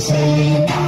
Say